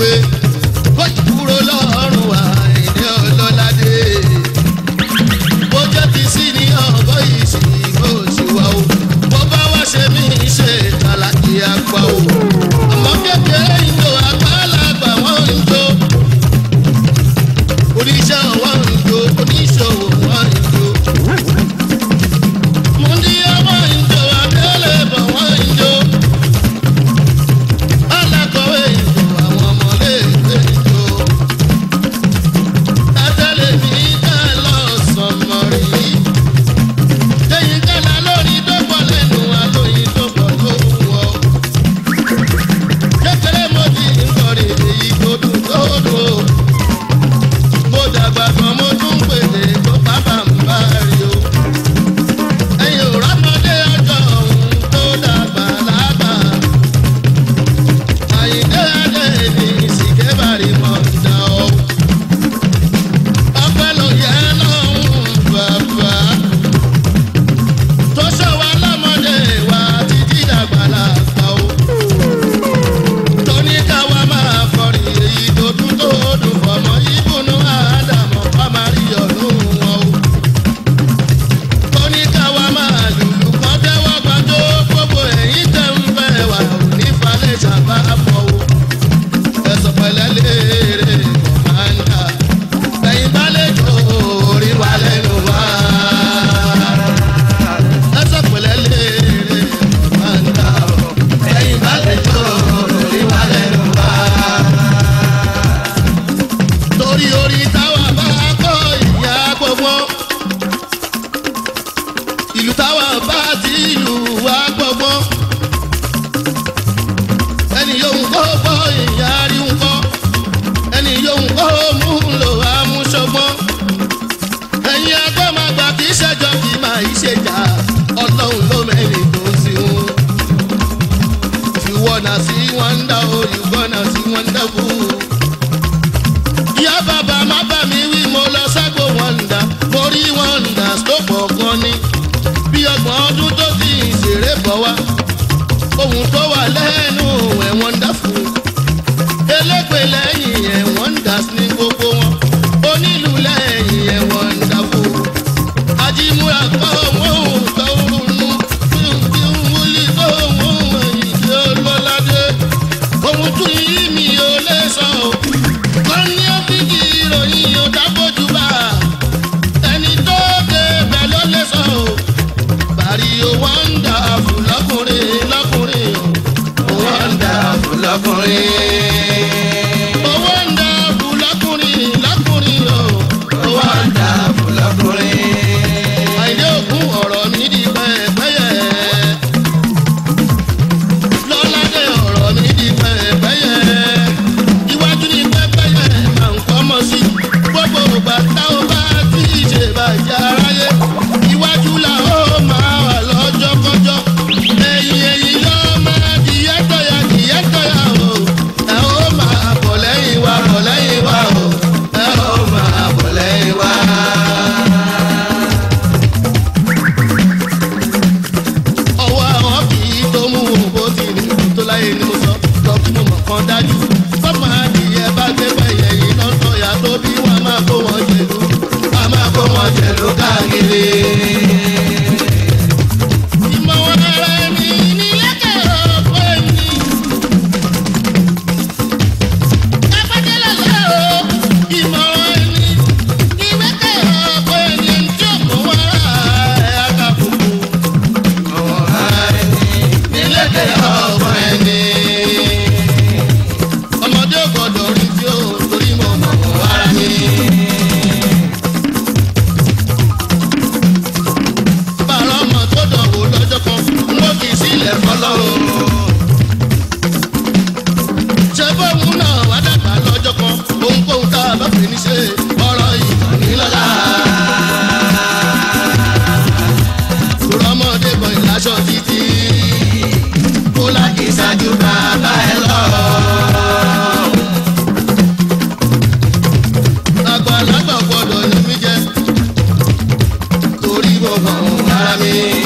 way. gonna see wonder oh you gonna see wonderful. ìyá Baba má bà mí wí mo lọ ságbó wonder mo rí wonder tó pọ̀ gan ni bí ọgbọ̀n ọdún tó ti ìṣeré bọ̀ wá ohun tó wà lẹ́nu ẹ̀wọ̀n mean.